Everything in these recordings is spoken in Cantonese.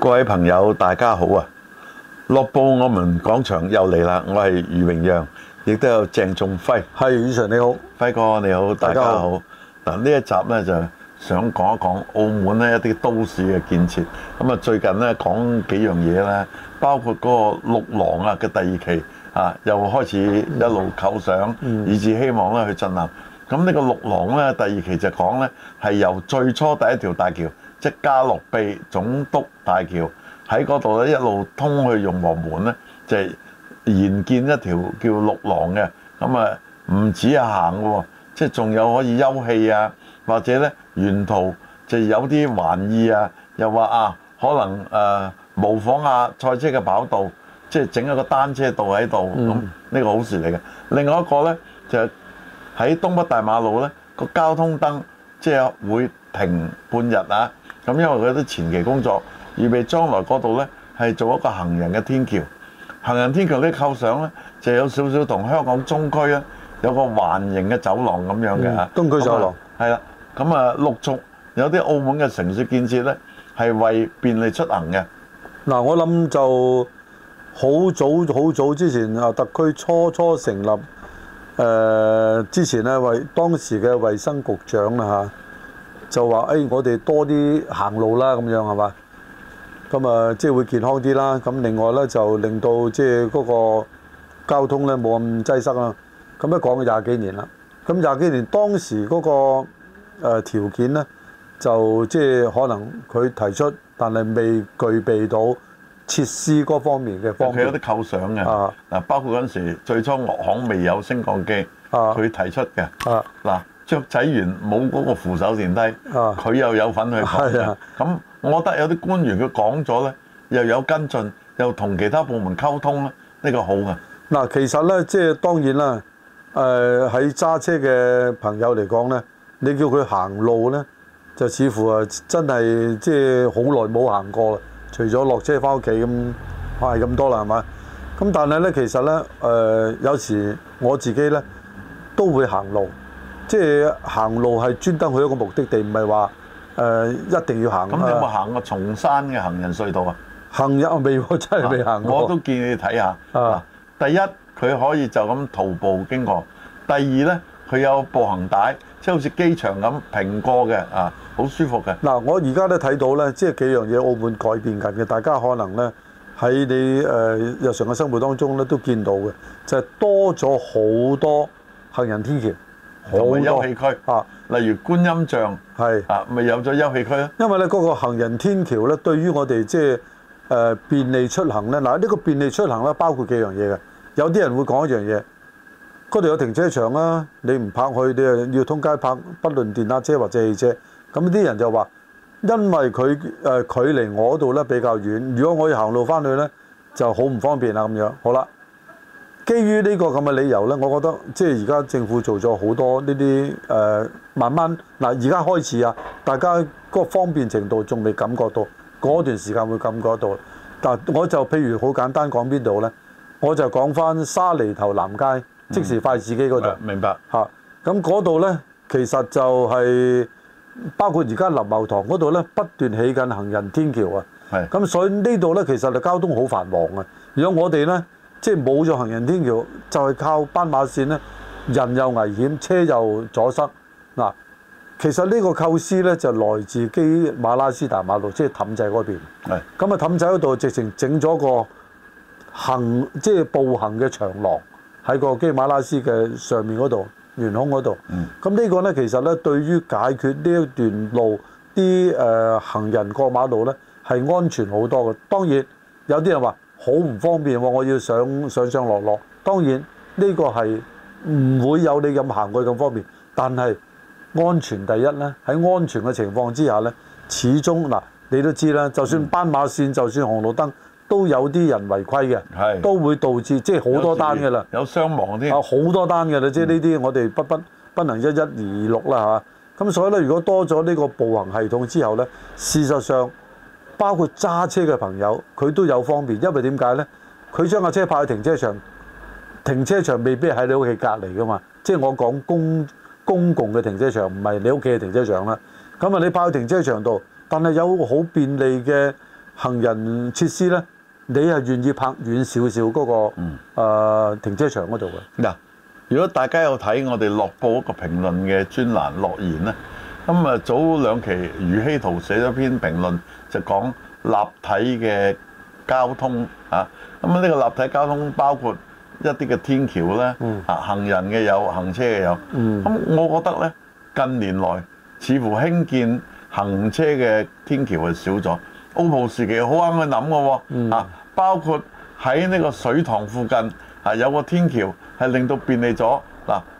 各位朋友，大家好啊！樂報，我們講場又嚟啦，我係余榮讓，亦都有鄭仲輝。係以常你好，輝哥你好，大家好。嗱，呢一集呢，就想講一講澳門呢一啲都市嘅建設。咁、嗯、啊，最近呢，講幾樣嘢呢，包括嗰個六廊啊嘅第二期啊，又開始一路構想、嗯，以至希望咧去進行。咁呢個六廊呢，第二期就講呢，係由最初第一條大橋。即嘉樂庇總督大橋喺嗰度咧，一路通去融和門咧，就延建一條叫六郎嘅。咁啊，唔止行嘅喎，即係仲有可以休憩啊，或者咧沿途就有啲玩意啊，又話啊，可能誒、啊、模仿下賽車嘅跑道，即係整一個單車道喺度咁，呢個好事嚟嘅。另外一個咧就喺東北大馬路咧個交通燈，即係會停半日啊！咁因為佢啲前期工作，預備將來嗰度呢係做一個行人嘅天橋，行人天橋呢構想呢就有少少同香港中區啊有一個環形嘅走廊咁樣嘅嚇，中、嗯、東區走廊係啦，咁啊陸續有啲澳門嘅城市建設呢係為便利出行嘅。嗱，我諗就好早好早之前啊，特區初初成立誒、呃、之前咧，為當時嘅衛生局長啦就話、哎、我哋多啲行路啦，咁樣係嘛？咁啊，即係會健康啲啦。咁另外咧，就令到即係嗰個交通咧冇咁擠塞啦。咁一講咗廿幾年啦。咁廿幾年當時嗰個誒條件咧，就即係可能佢提出，但係未具備到設施嗰方面嘅。佢有啲構想嘅啊。嗱，包括嗰陣時最初樂行未有升降機，佢、啊、提出嘅嗱。啊啊。雀仔園冇嗰個扶手電梯，佢、啊、又有份去講嘅。咁、啊、我覺得有啲官員佢講咗咧，又有跟進，又同其他部門溝通咧，呢、這個好嘅。嗱，其實咧，即、就、係、是、當然啦。誒、呃，喺揸車嘅朋友嚟講咧，你叫佢行路咧，就似乎啊，真係即係好耐冇行過啦。除咗落車返屋企咁快咁多啦，係嘛？咁但係咧，其實咧，誒、呃，有時我自己咧都會行路。即係行路係專登去一個目的地，唔係話誒一定要行。咁你有冇行過松山嘅行人隧道啊？行入啊未？真係未行過，我都建議你睇下。嗱，第一佢可以就咁徒步經過；第二咧，佢有步行帶，即係好似機場咁平過嘅啊，好舒服嘅。嗱，我而家都睇到咧，即係幾樣嘢澳門改變緊嘅，大家可能咧喺你誒日常嘅生活當中咧都見到嘅，就係多咗好多行人天橋。好多啊！例如觀音像係啊，咪有咗休憩區咯。因為咧嗰個行人天橋咧、就是，對於我哋即係誒便利出行咧。嗱，呢個便利出行咧，包括幾樣嘢嘅。有啲人會講一樣嘢，嗰度有停車場啦、啊，你唔泊去，你啊要通街泊，不論電單車或者汽車。咁啲人就話，因為佢誒、呃、距離我度咧比較遠，如果我要行路翻去咧，就好唔方便啦咁樣。好啦。基於呢個咁嘅理由呢，我覺得即係而家政府做咗好多呢啲誒，慢慢嗱，而家開始啊，大家嗰個方便程度仲未感覺到，嗰段時間會感覺到。但我就譬如好簡單講邊度呢？我就講翻沙梨頭南街、嗯、即時快士機嗰度，明白嚇。咁嗰度呢，其實就係、是、包括而家林茂堂嗰度呢，不斷起緊行人天橋啊。咁所以呢度呢，其實就交通好繁忙啊。如果我哋呢。即係冇咗行人天橋，就係、是、靠斑馬線咧，人又危險，車又阻塞。嗱，其實呢個構思咧就來自基馬拉斯大馬路，即係氹仔嗰邊。咁啊，氹仔嗰度直情整咗個行，即係步行嘅長廊喺個基馬拉斯嘅上面嗰度，懸空嗰度。咁、嗯、呢個咧，其實咧，對於解決呢一段路啲誒、呃、行人過馬路咧，係安全好多嘅。當然有啲人話。好唔方便喎！我要上上上落落，當然呢個係唔會有你咁行去咁方便，但係安全第一呢，喺安全嘅情況之下呢，始終嗱、啊、你都知啦，就算斑馬線，就算紅綠燈，都有啲人違規嘅，都會導致即係好多單嘅啦，有，有傷亡添。有、啊、好多單嘅啦、嗯，即係呢啲我哋不不不能一一而錄啦嚇。咁所以呢，如果多咗呢個步行系統之後呢，事實上。包括揸車嘅朋友，佢都有方便，因為點解呢？佢將架車泊喺停車場，停車場未必係喺你屋企隔離㗎嘛。即係我講公公共嘅停車場，唔係你屋企嘅停車場啦。咁啊，你泊喺停車場度，但係有好便利嘅行人設施呢，你係願意泊遠少少嗰個、嗯呃、停車場嗰度嘅。嗱，如果大家有睇我哋樂報一個評論嘅專欄樂言咧。咁啊，早兩期余希圖寫咗篇評論，就講立體嘅交通啊。咁、這、呢個立體交通包括一啲嘅天橋咧，啊、嗯、行人嘅有，行車嘅有。咁、嗯、我覺得咧，近年來似乎興建行車嘅天橋係少咗。Oppo 時期好啱去諗嘅喎，啊、嗯，包括喺呢個水塘附近啊，有個天橋係令到便利咗。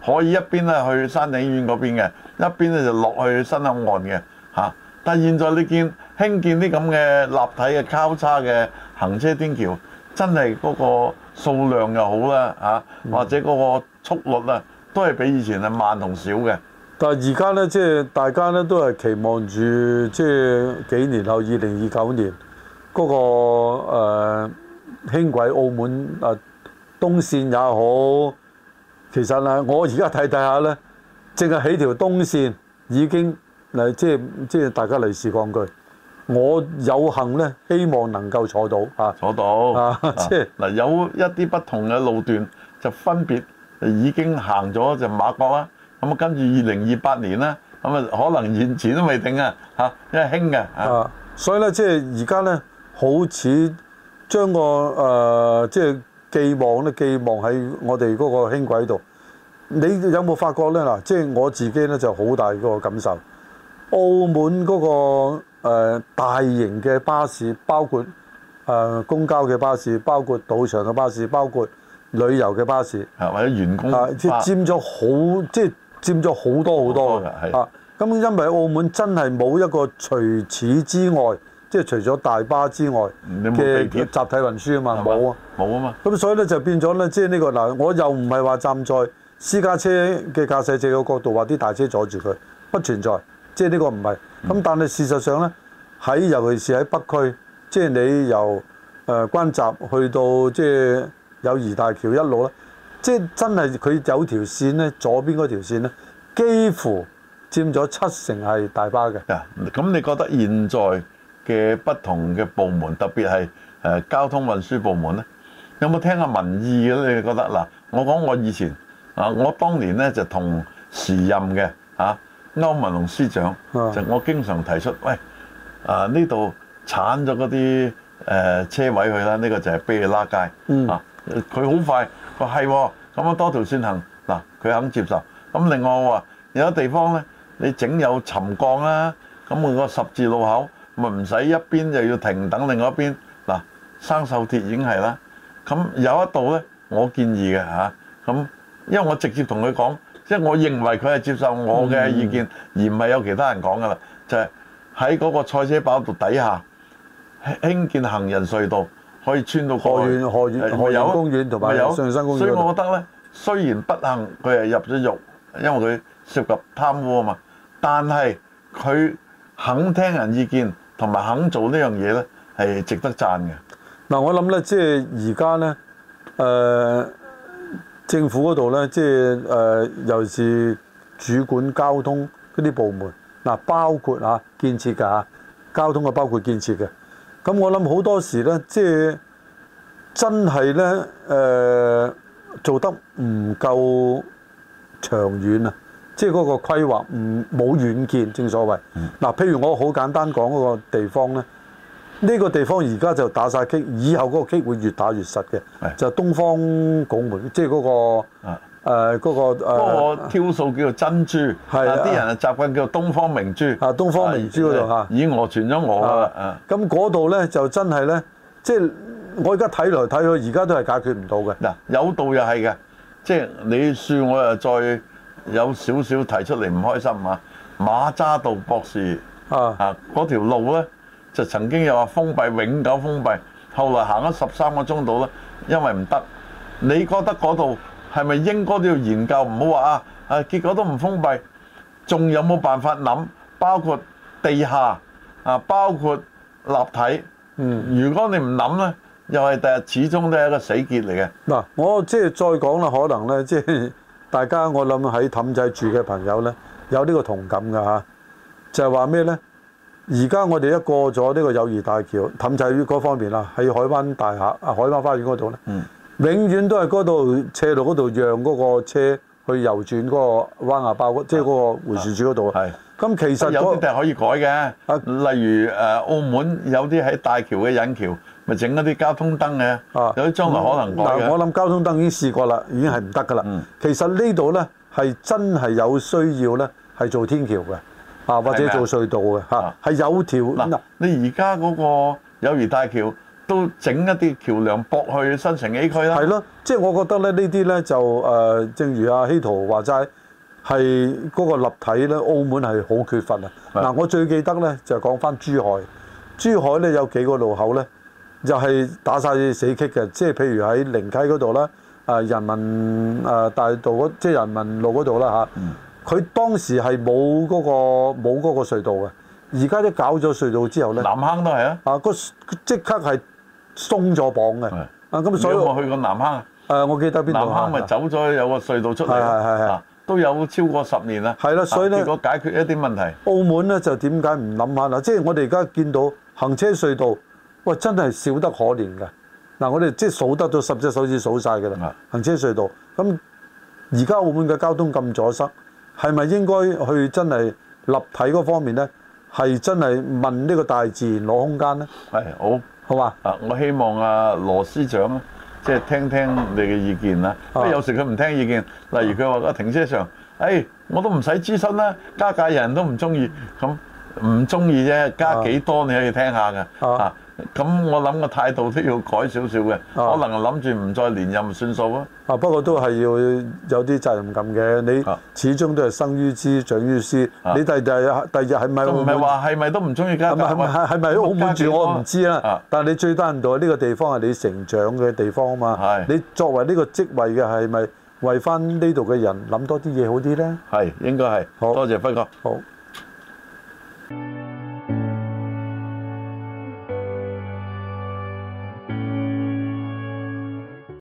可以一邊咧去山頂醫院嗰邊嘅，一邊咧就落去新口岸嘅嚇。但係現在你見興建啲咁嘅立體嘅交叉嘅行車天橋，真係嗰個數量又好啦嚇，或者嗰個速率啊，都係比以前係慢同少嘅、嗯嗯。但係而家咧，即係大家咧都係期望住，即係幾年後二零二九年嗰個誒輕軌澳門誒東線也好。其實啦，我而家睇睇下咧，淨係起條東線已經嗱，即係即係大家嚟試講句，我有幸咧，希望能夠坐到嚇，坐到啊，即係嗱，有一啲不同嘅路段就分別已經行咗就馬國啦。咁啊，跟住二零二八年啦，咁啊，可能現前都未定啊嚇，因為興嘅啊，啊，所以咧即係而家咧，好似將個誒即係。呃，即係寄望咧，寄望喺我哋嗰個輕軌度。你有冇發覺呢？嗱，即係我自己呢就好大嗰個感受。澳門嗰個誒大型嘅巴士，包括誒、呃、公交嘅巴士，包括賭場嘅巴士，包括旅遊嘅巴士，或者員工啊，佔咗好即係佔咗好多好多啊，咁、呃、因為澳門真係冇一個除此之外。即係除咗大巴之外嘅嘅集體運輸，嘛冇集體運輸嘛，冇啊嘛，冇啊，冇啊嘛。咁所以咧就變咗咧，即係呢個嗱，我又唔係話站在私家車嘅駕駛者嘅角度話啲大車阻住佢，不存在，即係呢個唔係。咁但係事實上咧，喺尤其是喺北區，即係你由誒關閘去到即係友誼大橋一路咧，即係真係佢有條線咧，左邊嗰條線咧，幾乎佔咗七成係大巴嘅、嗯。咁你覺得現在？嘅不同嘅部門，特別係誒交通運輸部門咧，有冇聽下民意嘅咧？你覺得嗱，我講我以前啊，我當年咧就同時任嘅啊歐文龍司長，就我經常提出，喂啊呢度剷咗嗰啲誒車位去啦，呢個就係俾利喇街、嗯、啊。佢好快佢係咁樣多條線行嗱，佢肯接受。咁另外我話有啲地方咧，你整有沉降啦，咁佢個十字路口。咪唔使一邊就要停，等另外一邊嗱，生鏽鐵已經係啦。咁有一度咧，我建議嘅嚇，咁因為我直接同佢講，即係我認為佢係接受我嘅意見，而唔係有其他人講噶啦，就係喺嗰個賽車跑道底下興建行人隧道，可以穿到何賢、何賢、何賢公園同埋宋玉生公園。所以我覺得咧，雖然不幸佢係入咗獄，因為佢涉及貪污啊嘛，但係佢肯聽人意見。同埋肯做呢樣嘢咧，係值得讚嘅。嗱，我諗咧，即係而家咧，誒政府嗰度咧，即係誒尤其是主管交通嗰啲部門。嗱，包括嚇、啊、建設嘅嚇、啊、交通嘅，包括建設嘅。咁我諗好多時咧，即、就、係、是、真係咧，誒、呃、做得唔夠長遠啊！即係嗰個規劃唔冇遠見，正所謂。嗱，譬如我好簡單講嗰個地方咧，呢個地方而家就打晒棘，以後嗰個棘會越打越實嘅，就是東方拱門，即係嗰個誒、啊、嗰個誒。嗰挑數叫做珍珠，係啊，啲、啊、人啊習慣叫做東方明珠。啊，東方明珠嗰度嚇，以我傳咗我啦。咁嗰度咧就真係咧，即係我而家睇來睇去，而家都係解決唔到嘅。嗱，有道又係嘅，即係你算我又再。有少少提出嚟，唔開心啊！馬揸道博士啊，嗰條路咧就曾經又話封閉，永久封閉，後來行咗十三個鐘度啦，因為唔得。你覺得嗰度係咪應該都要研究？唔好話啊啊，結果都唔封閉，仲有冇辦法諗？包括地下啊，包括立體嗯，如果你唔諗咧，又係第日始終都係一個死結嚟嘅。嗱，我即係再講啦，可能咧即係。大家我諗喺氹仔住嘅朋友咧，有呢個同感嘅吓，就係話咩咧？而家我哋一過咗呢個友誼大橋，氹仔嗰方面啦，喺海灣大廈啊、海灣花園嗰度咧，永遠都係嗰度斜路嗰度讓嗰個車去右轉嗰個彎牙包，即係嗰個迴旋處嗰度啊。咁、嗯、其實、嗰個、有啲地方可以改嘅。啊，例如誒，澳門有啲喺大橋嘅引橋。咪整一啲交通燈嘅、啊，有啲裝潢可能但嘅、嗯嗯。我諗交通燈已經試過啦，已經係唔得噶啦。其實這裡呢度咧係真係有需要咧，係做天橋嘅啊，或者做隧道嘅嚇，係、啊、有條嗱、啊嗯。你而家嗰個友誼大橋都整一啲橋梁，駁去新城 A 區啦。係咯，即係我覺得咧，呢啲咧就誒、呃，正如阿希圖話齋，係嗰個立體咧，澳門係好缺乏的的啊。嗱，我最記得咧就係講翻珠海，珠海咧有幾個路口咧。又、就、係、是、打晒死棘嘅，即係譬如喺靈溪嗰度啦，啊人民啊大道即係人民路嗰度啦嚇，佢、嗯、當時係冇嗰個冇嗰個隧道嘅，而家都搞咗隧道之後咧，南坑都係啊啊個即刻係鬆咗綁嘅啊，咁所以我去過南坑，啊我記得邊度南坑咪走咗有個隧道出嚟，係係係，都有超過十年啦，係啦，所以咧如果解決一啲問題。澳門咧就點解唔諗下啦？即係我哋而家見到行車隧道。喂，真係少得可憐㗎。嗱、啊，我哋即係數得到十隻手指數晒㗎啦。行車隧道咁，而家澳門嘅交通咁阻塞，係咪應該去真係立體嗰方面呢？係真係問呢個大自然攞空間呢？係、哎、好，好啊，我希望阿、啊、羅司長即係、就是、聽聽你嘅意見啦。即有時佢唔聽意見，例如佢話停車場，誒、哎、我都唔使諮詢啦，加價人都唔中意，咁唔中意啫，加幾多你可以聽下㗎。咁我諗個態度都要改少少嘅，可能諗住唔再連任算數啊。啊，不過都係要有啲責任感嘅，啊。你始終都係生於斯，長於斯。你第二日啊，第二日係咪？就唔係話係咪都唔中意家家咩？係我唔知啊。但係你最低限度呢個地方係你成長嘅地方啊嘛。係。你作為呢個職位嘅係咪為翻呢度嘅人諗多啲嘢，好啲咧？係，應該係。好多謝輝哥，好。